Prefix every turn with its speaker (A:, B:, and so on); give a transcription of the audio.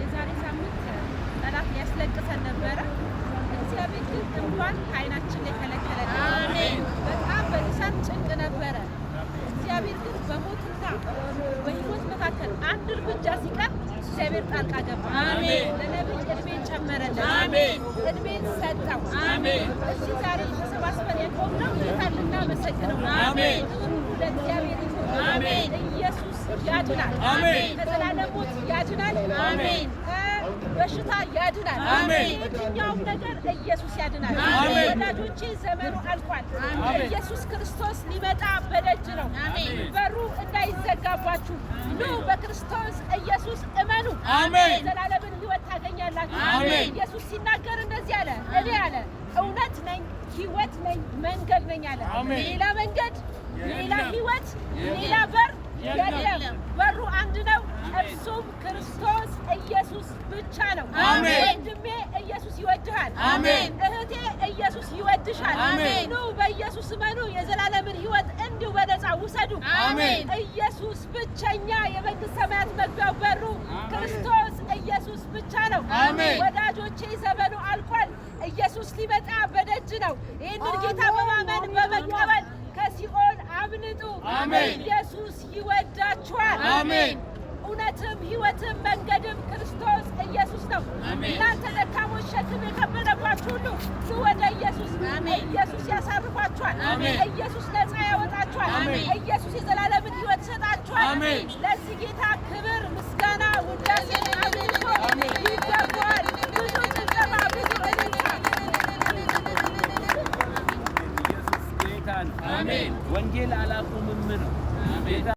A: የዛሬ ሳምንት ጠላት ሊያስለቅሰን ነበረ። እግዚአብሔር ግን እንኳን አይናችን ላይ በጣም በእሳት ጭንቅ ነበረ። እግዚአብሔር ግን በሞትና በሕይወት መካከል አንድ እርምጃ ሲቀር እግዚአብሔር ጣልቃ ገባ። ለነቢይ እድሜን ጨመረለን፣ እድሜን ሰጠው። እዚህ ዛሬ ተሰባስበን የቆምነው ጌታን ልናመሰግነው ያድናል። አሜን። ከተላለፉት ያድናል። አሜን። በሽታ ያድናል። አሜን። የትኛውም ነገር ኢየሱስ ያድናል። አሜን። ወዳጆቼ ዘመኑ አልፏል። ኢየሱስ ክርስቶስ ሊመጣ በደጅ ነው። አሜን። በሩ እንዳይዘጋባችሁ ኑ፣ በክርስቶስ ኢየሱስ እመኑ። አሜን። ዘላለምን ሕይወት ታገኛላችሁ። አሜን። ኢየሱስ ሲናገር እንደዚህ አለ፣ እኔ አለ እውነት ነኝ፣ ሕይወት ነኝ፣ መንገድ ነኝ አለ። ሌላ መንገድ፣ ሌላ ሕይወት፣ ሌላ በር አሜን። እህቴ ኢየሱስ ይወድሻል። አሜን። ኑ በኢየሱስ መኑ የዘላለምን ሕይወት እንዲሁ በነጻ ውሰዱ። አሜን። ኢየሱስ ብቸኛ የመንግሥተ ሰማያት መግቢያው በሩ ክርስቶስ ኢየሱስ ብቻ ነው። አሜን። ወዳጆቼ ዘመኑ አልቋል። ኢየሱስ ሊመጣ በደጅ ነው። ይህንን ጌታ በማመን በመቀበል ከሲኦል አምልጡ። አሜን። ኢየሱስ ይወዳችኋል። አሜን። እውነትም ህይወትም መንገድም ክርስቶስ ሁሉ ጩ ወደ ኢየሱስ። ኢየሱስ ያሳርፏችኋል። ኢየሱስ ነፃ ያወጣችኋል። ኢየሱስ የዘላለምን ሕይወት ይሰጣችኋል። ለዚህ ጌታ ክብር፣ ምስጋና፣ ውዳሴ አምልኮ ይገባዋል። ብዙ ጭብጨባ፣ ብዙ እልልታ። ኢየሱስ ጌታ ነው። ወንጌል አላቆምም ነው